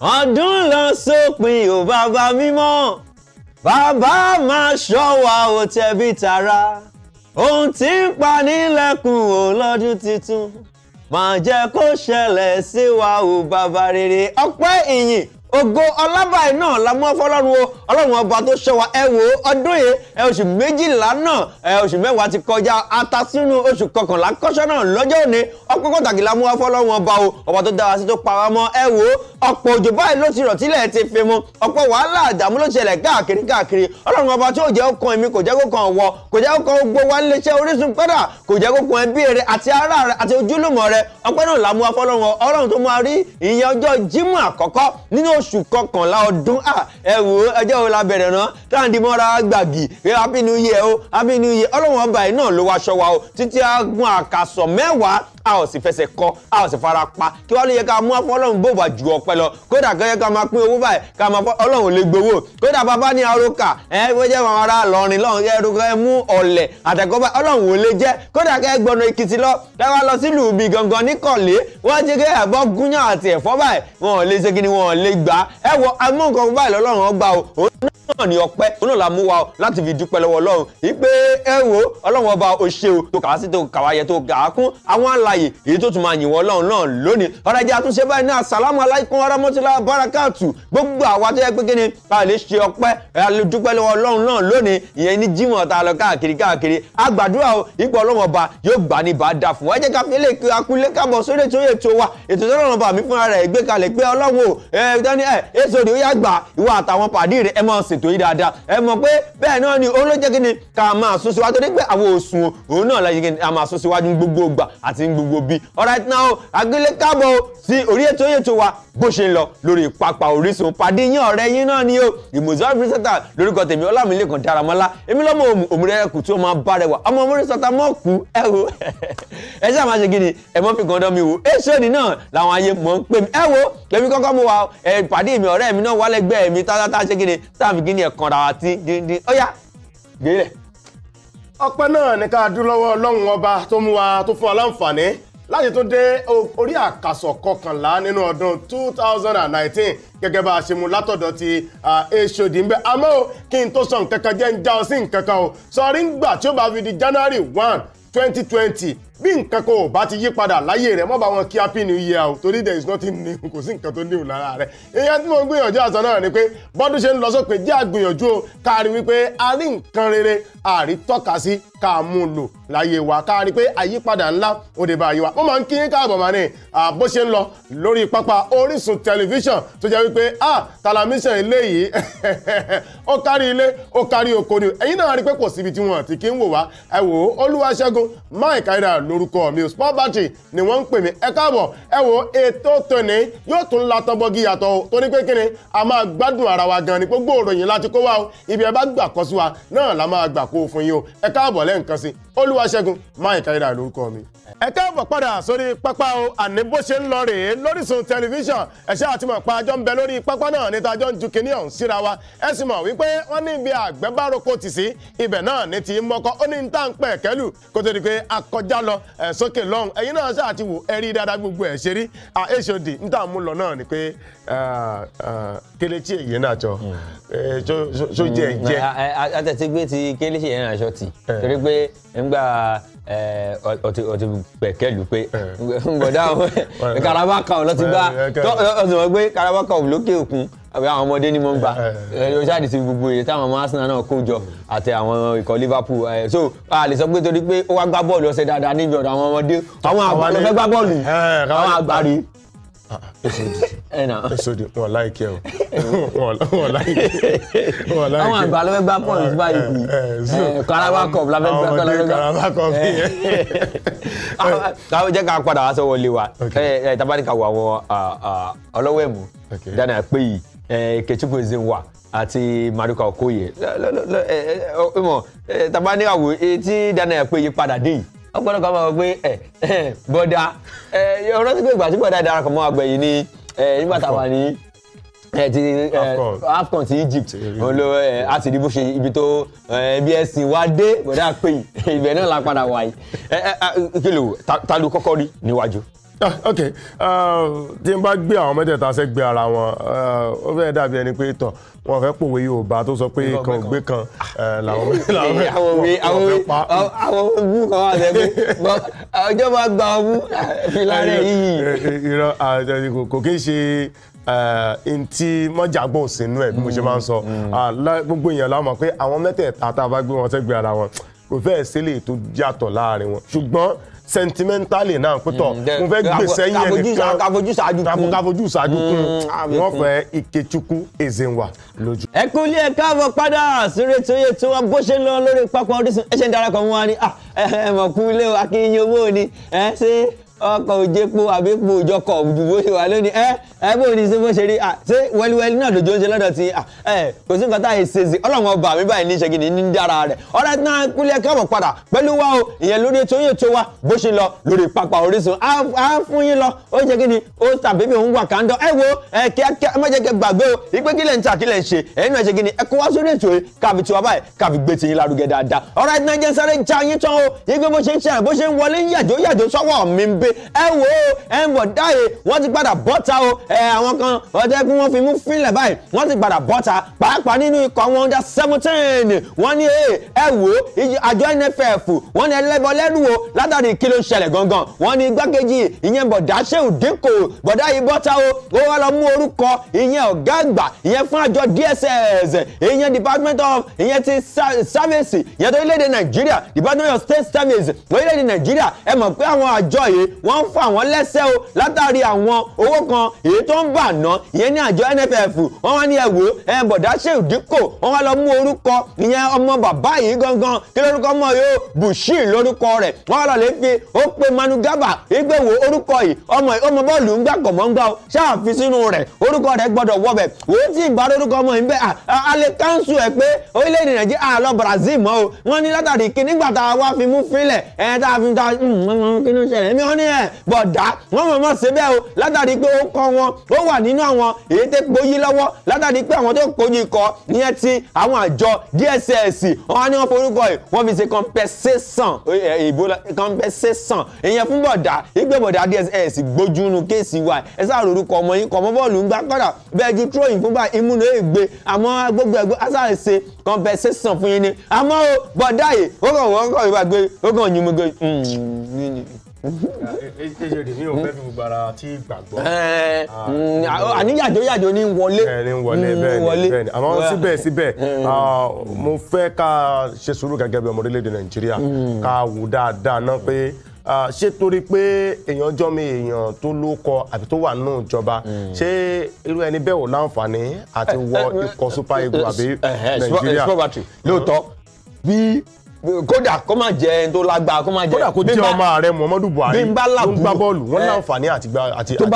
ọdún lọ sópin ò bàbá mímọ́ bàbá máa ṣọ́ wa ò tẹ̀bí tara ohun tí ń pa nílẹ̀kùn ò lọ́dún tuntun máa jẹ́ kó ṣẹlẹ̀ sí wa ò bàbá rere ọpẹ́ ìyìn ògo ọlábàáyé náà la mọ́ fọlọ́run o ọlọ́run ọba tó ṣọ́ ẹ wò ó ọdún yìí ẹ oṣù méjìlá náà ẹ oṣù mẹ́wàá ti kọjá atasínú oṣù kọkànlá kọ́ṣọ́ náà lọ́jọ́ òní ọpẹ́ pàtàkì la mọ́ fọlọ́run ọba o ọba tó dá sí tó pa wá ẹ wò ó ọ̀pọ̀ òjò báyìí ló ti rọ̀ tílẹ̀ ti fi mu ọ̀pọ̀ wàhálà àdàmú ló ṣẹlẹ̀ káàkiri káàkiri ọlọ́run ọba tí ò jẹ́ ọkàn èmi kò jẹ́ oṣù kọkànlá ọdún ẹ wò ó ẹjọ́ wo la bẹ̀rẹ̀ náà táǹdì mọ́ra gbàgì rẹ happy new year o happy new year ọlọ́wọ́n ọba yìí náà ló wá aṣọ wa o títí a gun àkàsọ̀ mẹ́wàá a ò sì fẹsẹ̀ kọ a ò sì fara pa kí wọ́n lè yẹ ká mú afọ ọlọ́run bò wá ju ọpẹ́ lọ kódà kó ká máa pín owó báyìí ká máa fọ ọlọ́run lè gbowó kódà bàbá ní aróka ẹ ẹ wọ́n jẹ́ àwọn ará lọ́rin lọ́run ẹrú ẹ mú ọ̀lẹ̀ àtẹ̀kọ́bá ọlọ́run ò lè jẹ́ kódà kẹ́ gbọ́nà èkìtì lọ ẹ lọ sílùú ibi gangan níkọ̀lé wọ́n jẹ́ náà ni ọpẹ́ òun náà la mú wa láti fi dúpẹ́ lọ́wọ́ ọlọ́run ìpè ẹ wo ọlọ́run ọba òṣèlú tó kà á sí tó kà wá yẹ tó kà á kún àwọn àlàyé láàyè èyí tó tún máa yìn wọ́n lọ́run náà lónìí ọ̀rẹ́jẹ́ àtúnṣe báyìí náà sàlámù aláìkún arámọ́tílá bárakàtù gbogbo àwa tó yẹ pé kíni a lè ṣe ọpẹ́ a lè dúpẹ́ lọ́wọ́ ọlọ́run náà lónìí ìyẹn ní jímọ̀ tá a lọ káàkiri káàkiri àgbàdúrà o ipò ọlọ́run ọba yóò gbà ní bá dà fún ẹ jẹ́ ká fi lè akúlé kábọ̀ sórí ètò ètò wa ètò ọlọ́run ọba mi fúnra rẹ̀ gbé kalẹ̀ pé ọlọ́run o ẹ dání ẹ èso rè ó yá gbà ìwọ àtàwọn pàdé rẹ ẹ máa ṣètò yìí dáadáa ẹ mọ̀ pé bẹ́ẹ̀ náà ni olójẹ́ kíni ká máa sún síwájú torí pé àwọn òsùn òun náà la máa sún síwájú gbogbo gbà àti gbogbo gbogbo bí alright now agbélé káàbọ̀ sí orí ètò ètò wa bó ṣe ń lọ lórí pápá Orísun pàdé yín ọ̀rẹ́ yín náà ni o ìmọ̀sọ́ pírísẹ́tà lórúkọ tèmi Ọlámilékan Dáramọ́lá èmi lọ́mọ òmùrẹ́kù tí ó máa bá rẹwà ọmọ pírísẹ́tà mọ́ kú ẹ wo ẹ sáà máa ṣe kí ni ẹ mọ́ fi kan dán mi wò ẹ sóòdì náà làwọn ayé mọ̀ ń pè mí ẹ wo èmi kọ́kọ́ mo wà ẹ pàdé mi ọ̀rẹ́ mi náà wálẹ́gbẹ́ mi tátátá ṣe kí ni táàfin kí ni ẹ̀kanra wa ti díndín ó yá gbé lẹ̀ ọpẹ́ náà ní ká dúró lọ́wọ́ ọlọ́run ọba tó mú wa tó fún wa láǹfààní láti tún dé orí àkàsọ̀ kọkànlá nínú ọdún 2019 gẹ́gẹ́ bá a ṣe mú látọ̀dọ̀ ti èsòdì ń bẹ àmọ́ kí n tó sọ nǹkan kan jẹ́ ń já ọ sí nǹkan kan o sọrí ń gbà tí ó bá fi di January 1 2020 bí nǹkan kan ò bá ti yí padà láyé rẹ mọ́ bá wọn kí happy new year o torí there is nothing new kò sí nǹkan tó new lára rẹ ìyẹn tí mo ń gbìyànjú àṣà náà ni pé bọ́dún ṣe ń lọ sópin jẹ́ àgbìyànjú o káàrí wípé a rí nǹkan rere àrítọ́ka sí ká mú lò láyé wa ká rí pé àyípadà ńlá ó dé bá ayé wa wọ́n máa ń kí ní káàbọ̀ mà ní bó ṣe ń lọ lórí pápá Orísun tẹlifíṣàn tó jẹ́ wípé ah tàlàmíṣàn ilé yìí ó kárí ilé ó kárí oko ni ẹ̀yin náà rí pé kò síbi tí wọ́n ti kí ń wò wá ẹ wò ó Olúwaṣẹ́gun Mike Ayra lórúkọ mi sport battery ni wọ́n ń pè mí ẹ káàbọ̀ ẹ wò ó ètò tòní yóò tún latọ́bọ́gì yàtọ̀ tó ní pé kíni a máa gbádùn ara wa gan ni gbogbo òròyìn láti kó wa o ibi ẹ bá gbà kọ́ sí wa náà la máa gbà kó fún yín o ẹ káàbọ̀ lẹ́ǹkan sí olúwaṣẹ́gun máa ìkàrídà lórúkọ mi. ẹ káàbọ̀ padà sórí pápá o àní bó ṣe ń lọ rèé lóríṣun tẹlifíṣàn ẹ̀ṣẹ́ àti mọ̀ àjọ ń bẹ lórí pápá náà níta àjọ ń ju kinní ọ̀hún síra wa ẹ sì mọ̀ wípé wọ́n ní ibi tì sí ibẹ̀ náà ní ti mọ́kọ́ ó ní ta ni pé torí pé ńgbà ọtí pẹ̀kẹ́lù pé ńgbọ̀dá karaba kan lọ́ti gbá ọ̀sùn wọn gbé karaba kan lókè òkun àwọn ọmọdé ni mo ń gbà ẹ̀rọ ṣáàdì sí gbogbo èyí táwọn ọmọ Arsenal náà kó jọ àti àwọn ikọ̀ Liverpool so a lè sọ pé torí pé ó wá gbá bọ́ọ̀lù ọ̀sẹ̀ dáadáa níbi ọ̀dọ̀ àwọn ọmọdé àwọn àgbà ló fẹ́ gbá bọ́ọ̀lù àwọn àgbà rí èsòdì wọn láìkẹ o wọn láìkẹ wọn láìkẹ. àwọn àgbà ló fẹ́ gbá pọ́ǹs báyìí eh, eh, eh, karaba cup la fẹ́ gbá pọ́ǹs. àwọn ọmọdé karaba cup yẹn. káwọn ah, ah, jẹ́ ká padà wá sọ́wọ́ lé wa tabaríkà wo àwọn ah, ọlọ́wọ́ ẹ̀mú dáná pé yìí Kechukwu Ezenwa àti Maduka Okoye oh, tabani àwò tí dáná pé yìí padà dé yìí ọgbọ́n kan máa wọ pé bọ́dà ọ̀rọ̀ sí pé ìgbà tí bọ́dà darapọ̀ mọ́ àgbẹ̀yìn ni eh, nígbà táwa ní eh, ti eh, AFCON ti Egypt olo a sì rí bó ṣe ibi tó bí ẹsìn wa dé bọ́dà pé ibẹ̀ náà la padà wáyé kí ló ta ló kọ́kọ́ rí níwájú. Ah, ok ah, tí n bá gbé àwọn mẹ́tẹ̀ẹ̀ta sẹ́gbẹ́ ara wọn ah, ó fẹ́ dàbí ẹni pé tọ̀ wọn fẹ́ pòwe Yorùbá tó sọ pé kan gbé kan eh, làwọn fẹ́ pa. àwọn ogun kan wà lẹ́gbẹ́ ọjọ́ máa gba ọmú filarẹ eh, yìí. Eh, irọ́ kò kí ń ṣe ntí mọ́jàgbọ́n sínú ẹ̀ bí mo ṣe máa ń sọ mm, mm. gbogbo èèyàn la mọ̀ pé àwọn mẹ́tẹ̀ẹ̀ta tá a bá gbé wọn sẹ́gbẹ́ ara wọn kò fẹ́ẹ̀ sílẹ̀ tó yàtọ̀ láàrin wọn ṣùgbọ́n sentimentally náà pẹ́tọ̀ mm, mo fẹ́ gbèsè yẹn nìkan kàfojú ṣáájú kún kàfojú ṣáájú kún wọ́n fẹ́ Ikechukwu Ezenwa lójú. ẹ kú ilé ẹ káàbọ̀ padà sórí ètò yẹn tí wọ́n bó ṣe ń lọ lórí pápá Orísun ẹ ń darapọ̀ mọ́ wa ni ah, ẹ mọ̀ kú ilé akínyìn owó ni ẹ ṣe ọkọ̀ òjèpo àbẹ́pọ̀ òjọkọ̀ òdùbò ṣe wà lónìí ẹ ẹ bó ní ṣe bó ṣe rí ṣé wẹ́líwẹ́lí náà lójó ń ṣe lọ́dọ̀ ti ẹ kò sí nǹkan tá à ń ṣe sí ọlọ́run ọba mi báyìí ní ṣe kìíní ní dára rẹ̀ ọ̀rẹ́ náà kúlẹ̀ káàbọ̀ padà pẹ̀lú wa o ìyẹn lórí ètò yóò tó wa bó ṣe lọ lórí pápá Orísun á fún yín lọ ó ṣe kìíní ó tàbí mi òun wà kándọ̀ ẹ wo ẹ kíákíá ẹ má jẹ́ kẹ́ gbàgbé o ìpè kílẹ̀ ń ta kílẹ̀ ń ṣe ẹ̀yin náà ṣe kìíní ẹ kó wá sórí ètò yìí kàbí tiwa báyìí kàbí gbé tiyín lárugẹ dáadáa ọ̀rẹ́ náà jẹ́ sáré ja yín tán o yín pé pé ẹ wò ó ẹ ń bọ̀ dáyé wọ́n ti padà bọ́ta o ẹ àwọn kan ọjọ́ kí wọ́n fi mú fílẹ̀ báyìí wọ́n ti padà bọ́ta pàápàá nínú ikọ̀ wọn under seventeen wọ́n ní ẹ wò ó àjọ NFF wọ́n ní ẹlẹ́bọ lẹ́nu o látàrí kí ló ṣẹlẹ̀ gangan wọ́n ní igbákejì ìyẹn bọ̀dá ṣéwù dínkù bọ̀dá yìí bọ́ta o ó wá lọ mú orúkọ ìyẹn ọ̀gá àgbà ìyẹn fún àjọ DSS ìyẹn department of ìyẹn ti service ìyẹn tó orílẹ̀-èdè Nàìjíríà department of state service orílẹ̀-èdè Nàìjíríà ẹ mọ̀ pé àwọn àjọ yìí wọ́n ń fa àwọn lẹ́sẹ̀ o látàrí àwọn owó kan èyí tó ń bà ná ìyẹn ní àjọ NFF wọ́n wá ní ẹ̀wò ẹ̀ bọ̀dá ṣèwù dípò wọ́n wá lọ mú orúkọ ìyẹn ọmọ bàbá yìí gangan kí lórúkọ mọ̀ yóò Bushir lórúkọ rẹ̀ wọ́n wá lọ lè fi ó pe Manu Garba ìgbéwò orúkọ yìí ọmọ ọmọ bọ́ọ̀lù ń gbà kọ̀mọ́ngbà o ṣáà fi sínú rẹ̀ orúkọ rẹ̀ gbọ́dọ̀ wọ́bẹ̀ wò ó tí ì bá orúkọ ọmọ yìí bẹ́ẹ̀ alẹ́ káńsù ẹ̀ pé orílẹ̀-èdè Nàìjíríà àlọ́ Brazil mọ́ o wọ́n ní látàrí kí nígbà tá a wá fi mú fílẹ̀ ẹ̀ tá a fi ta hmm, hmm, hmm, kí ni ó ṣẹlẹ̀ mi wọ́n ní ẹ̀ bọ̀dá wọ́n mọ̀ mọ̀ ṣe bẹ́ẹ̀ o látàrí pé ó kọ́ wọn ó wà nínú àwọn èyí tó gbóyí lọ́wọ́ látàrí pé àwọn tó kojú ikọ̀ níyẹn ti àwọn àjọ DSS wọn ni wọ́n forúkọ ẹ̀ wọ́n fi ṣe compensation ìbò compensation ìyẹn fún bọ̀dá ìgbé bọ̀dá DSS gbójúnu kéèsì wa ẹ sáà orúkọ ọmọ yín kọ̀ mọ́ bọ́ọ̀lù ń gbá kọ́dà bẹ́ẹ̀ ju tróyìn fún báyìí ìmúnú ègbé àmọ́ gbogbo ẹ̀gbọ́n asáà ṣe compensation fún yín ni àmọ́ o bọ̀dá yìí ó kàn wọ́n kàn wípé ó kàn yín mú gbé ejede mi ò fẹ́ fi gbogbo ara tí gbàgbọ́. Ah. Mm, àní yàjò wọlé. ní wọlé bẹ́ẹ̀ ni bẹ́ẹ̀ ni àmọ́ síbẹ̀síbẹ̀ mm. ah, mo fẹ́ ká ṣe sùúrù gẹ́gẹ́ bí ọmọ orílẹ̀-èdè nàìjíríà mm. ká wù dáadáa náà pé ah, ṣé torí pé èèyàn jọ́mi èèyàn tó ló kọ àbí tó wà nínú ìjọba ṣé irú ẹni bẹ́ẹ̀ ò láǹfààní àti wọ eh, eh, ikọ̀ super eh, eagles àbí nàìjíríà. lóòótọ́ bí kódà kó má jẹ ẹni tó lágbára kó má jẹ kódà kó jẹ ọmọ ààrẹ Muhammadu Buhari ló ń gbá bọ́ọ̀lù wọ́n láǹfààní àti àti tó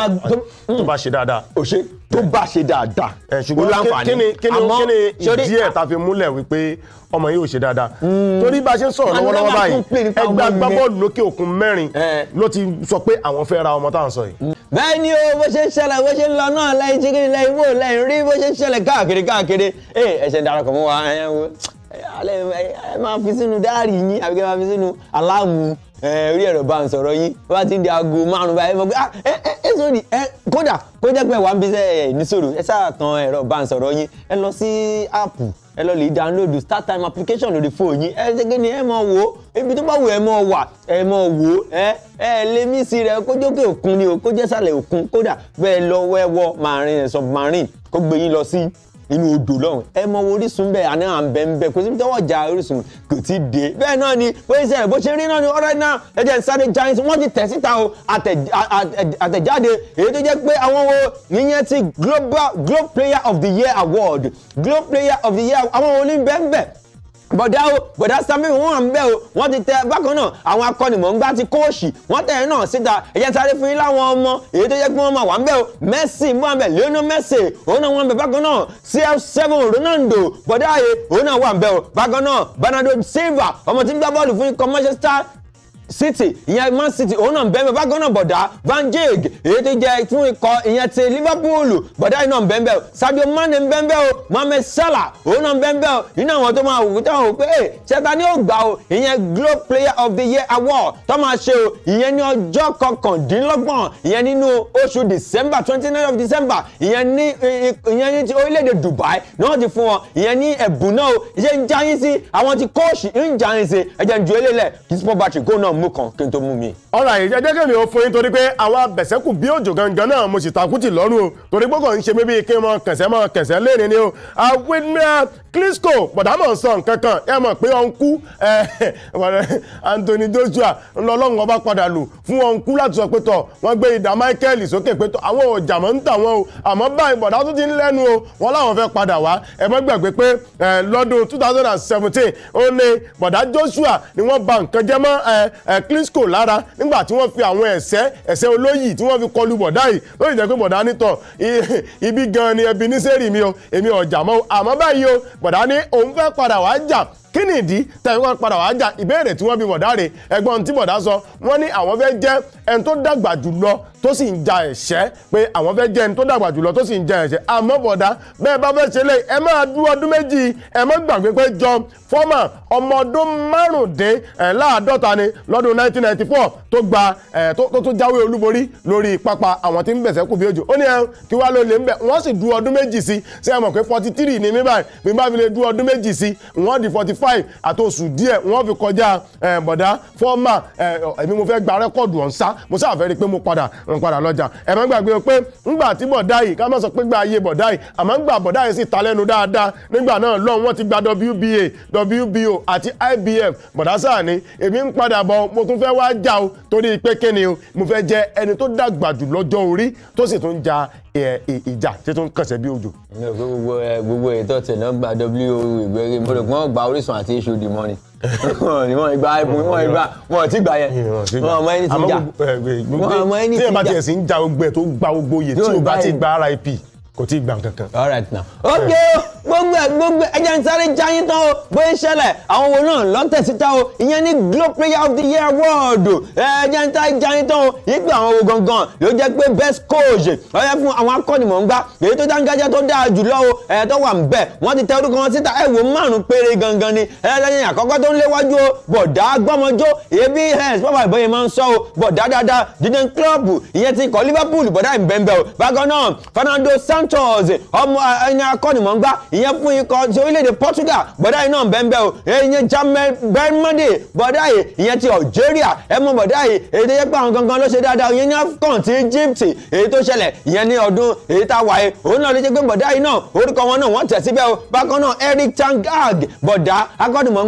bá ṣe dáadáa. ó ṣe tó bá ṣe dáadáa. ẹ ṣùgbọ́n kíni kíni kíni ìdí ẹ̀ ta fi múlẹ̀ wípé ọmọ yìí ò ṣe dáadáa. Hmm. torí bá a ṣe ń sọ̀rọ̀ lọ́wọ́lọ́wọ́ báyìí ẹgbẹ́ agbábọ́ọ̀lù lókè òkun mẹ́rin ló ti sọ pé àwọn fẹ́ ra ọmọ tá à ń sọ yìí. bẹ́ẹ̀ ni o bó ṣe ń ṣẹlẹ̀ bó ṣe ń lọ náà lẹ́yìn tí kìnìún lẹ́yìn wò lẹ́yìn rí bó ṣe ń ṣẹlẹ̀ káàkiri káàkiri ẹ̀ ẹ̀ṣẹ̀ darapọ̀ mọ́ wa alẹ́ ẹ máa fi sínú dáàrí yín àbí kẹ́ máa fi sínú aláàmù orí ẹ̀rọ bá ń sọ̀rọ̀ yín bí wọ́n ti ń di aago márùn-ún báyìí mọ̀ pé ah ẹ ẹ ẹ sórí ẹ kódà kó jẹ́ pé wà ń bí sẹ́ ẹ níṣòro ẹ sáà tan ẹ̀rọ bá ń sọ̀rọ̀ yín ẹ lọ sí áàpù ẹ lọ lè download start time application lórí fóònù yín ẹ ṣe kí ni ẹ mọ̀ wò ibi tó bá wù ẹ mọ̀ wà ẹ mọ̀ wò ẹ ẹ lè mí sí rẹ kó jókè òkun ni o kó jẹ́ sàlẹ̀ òkun kódà bẹ́ẹ̀ lọ wẹ́wọ́ marine submarine kó gbé yín lọ sí inú odò lọ́hùn ẹ mọ orísun bẹ́ẹ̀ àná à ń bẹ ń bẹ kò síbi tọ́wọ́ ọjà orísun kò tí ì dé bẹ́ẹ̀ náà ni bóyá iṣẹ́ rẹ̀ bó ṣe rí náà ni ọ̀rẹ́ náà ẹ jẹ́ sáré giant wọ́n ti tẹ̀ síta o àtẹ̀jáde èyí tó jẹ́ pé àwọn wo níyẹn ti global player of the year award Global player of the year àwọn olóyìn bẹ́ẹ̀ bẹ́ẹ̀ bọ̀dá o bọ̀dá sami wọn à ń bẹ́ o wọ́n ti tẹ bákan náà àwọn akọ́nimọ̀ọ́gbá ti kóòṣì wọ́n tẹ̀ náà síta ẹ̀yẹ sáré fún yín láwọn ọmọ èyí tó yẹ kí wọ́n máa wà ń bẹ́ o Messi ń bọ̀ àbẹ̀ Lionel Messi òun náà wọ́n bẹ̀ bákan náà cr seven. Ronaldo bọ̀dá ayé òun náà wà ń bẹ́ o bákan náà Bernardo Silva ọmọ tí ń gbá bọ́ọ̀lù fún ikọ̀ Manchester City ìyẹn Man City òun náà ń bẹ́ẹ̀ bá gánà bọ̀dá Van Dijk èyí ti jẹ́ fún ikọ̀ ìyẹn ti Liverpool bọ̀dá iná ń bẹ́ẹ̀ bẹ́ẹ̀ Sadio Mane ń bẹ́ẹ̀ bẹ́ẹ̀ o Mohamed Salah òun náà ń bẹ́ẹ̀ bẹ́ẹ̀ o iná àwọn tó máa wù táwọn ò pé ẹ̀ ṣẹta ni ó gbà o ìyẹn Globe Player of the Year award tó máa ṣe o ìyẹn ní ọjọ́ kọkàndínlọ́gbọ̀n ìyẹn nínú oṣù December twenty nine of December ìyẹn ní ìyẹn ní ti orílẹ̀-èdè Dubai ni wọ́n ti fún wọn ìyẹn ní ẹ̀bùn náà o ìṣe ń jáyín sí àwọn ti kóòṣì ń jáyín sí ẹ̀jẹ̀ ń ju eléyìí lẹ̀ kí sport battery go náà mú kan kí n tó mú mi. ọ̀rọ̀ àyè jẹ́ kẹ́mi ò fún yín torí pé àwọn abẹ̀sẹ̀kù bí òjò gangan náà mo sì takú tì lọ́rùn o torí pé kò ń ṣe mí bíi kí n mọ kẹ̀sẹ́ mọ kẹ̀sẹ́ léèrè ni o àwìn náà Klitschko bọ̀dámọ̀ sọ nǹkan kan ẹ mọ̀ pé ọ̀nkú Anthony Joshua ńlọlọ́run ọba padà lù fún ọ̀nkú láti sọ pé tọ̀ wọ́n gbé idà Michael sókè pé tọ̀ àwọn ọjà mọ̀ ń tà wọ́n o àmọ́ báyìí bọ̀dá tó ti ń lẹ́nu o wọ́n láwọn fẹ́ padà wá ẹ mọ́ gbàgbé pé eh, lọ́dún 2017 ó ní bọ̀dá Joshua ni wọ́n ba nǹkan jẹ́ mọ́ eh, eh, Klitschko lára nígbà tí wọ́n fi àwọn ẹ̀sẹ́ ẹ̀sẹ́ olóyì tí wọ́n fi kọlu bọ̀dá yìí lórí ìjẹ́ pé bọ̀dá ibi gan ni bọ̀dá ní òun fẹ́ padà wá jà kí ni ìdí tàbí wọn padà wàá jà ìbéèrè tí wọ́n bi bọ̀dá rè ẹ̀gbọ́n tí bọ̀dá sọ wọ́n ní àwọn fẹ́ jẹ́ ẹni tó dàgbà jùlọ tó sì ń ja ẹ̀ṣẹ̀ pé àwọn fẹ́ jẹ́ ẹni tó dàgbà jùlọ tó sì ń ja ẹ̀ṣẹ̀ àmọ́ bọ̀dá bẹ́ẹ̀ bá fẹ́ ṣe lé ẹ máa dú ọdún méjì ẹ má gbàgbé pé John Foreman ọmọ ọdún márùndínláàádọ́ta ni lọ́dún 1994 tó gba tó tó jáwé olúborí lórí pápá àwọn tí ń bẹ̀sẹ̀ kù bí òjò ó ní ẹ kí wá ló lè ń bẹ̀ wọ́n sì dú ọdún méjì sí ṣé mọ̀ pé 43 ni mí báyìí bí bá fi lè dú ọdún méjì sí wọ́n di 44 five àtòsù díẹ̀ wọ́n fi kọjá eh, bọ̀dá fọ́ọ̀mà eh, èmi mo fẹ́ gba rẹ́kọ̀dù ọ̀nsá mo sáà fẹ́ rí i pé mo padà ń padà lọ́jà ẹ má gbàgbé pé ńgbà tí bọ̀dá yìí ká má sọ pé gba ayé bọ̀dá yìí àmọ́ ńgbà bọ̀dá yìí sì ta lẹ́nu dáadáa nígbà náà lọ́hùn wọ́n ti gba WBA WBO àti IBF bọ̀dá sáà ni èmi ń padà bọ̀ mo tún fẹ́ wá jà o torí pé kíni o mo fẹ́ jẹ ẹni tó dàgbà jù lọ́jọ́ orí tó sì tún ja ìjà tí tó ń kànṣẹ́ bí òjò. gbogbo gbogbo ètò tẹ̀ náà gba wo ìgbẹ́rẹ́ mo rò pé wọ́n gba Orísun àti Èṣù di mọ́ni wọ́n ìgbà ìbùn wọ́n ìgbà wọ́n ti gbà yẹn wọ́n ọmọ ẹni ti jà wọ́n ọmọ ẹni ti jà tí ẹ bá tiẹ̀ sí ń ja gbogbo ẹ̀ tó gba gbogbo yẹ tí o bá ti gba RIP kò tí ì gbà kankan. all right now okay gbogbo ẹ gbogbo ẹ jẹ́ n sáré jáyín tán o bóyá ṣẹlẹ̀ àwọn wo náà lọ́tẹ̀síta o ìyẹn ní Glo Player of the Year award ẹ jẹ́ n sáré jáyín tán o yípa àwọn wo gangan ló jẹ́ pé best coach ọ̀yẹ́ fún àwọn akọ́nimọ̀ngbá èyí tó dáńgájá tó dáa jùlọ o ẹ̀ tó wà ń bẹ̀ wọ́n ti tẹ orúkọ wọn síta ẹ̀ wò márùn-ún péré gangan ni ẹlẹ́yìn àkọ́kọ́ tó ń léwájú o bọ̀dá gbọ́mọjó èébí hens bàbá ìbọn yẹn máa ń sọ o bọ̀dá dáadáa dídín klọ́ọ̀bù ìyẹn ti kọ́ Liverpool bọ̀dá ìbẹ̀ǹbẹ̀ o bákan náà Fernando Santos ọmọ ẹni akọ́nimọ̀ngbá ìyẹn fún ikọ̀ ti orílẹ̀-èdè Portugal bọ̀dá yìí náà bẹ́ẹ̀ bẹ́ẹ̀ o ìyẹn Jamal Belmadi bọ̀dá yìí ìyẹn ti Algeria ẹ mọ bọ̀dá yìí èyí tó yẹ pé àwọn gangan ló ṣe dáadáa ìyẹn ní AFCON ti Egypt èyí tó ṣẹlẹ̀ ìyẹn ní ọdún èyí tá a wáyé òun náà ló jẹ́ pé bọ̀dá yìí náà orúkọ wọn náà wọ́n tẹ̀ síbẹ̀ o bákan náà Eric Ten bọ̀dá akọ́dùmọ̀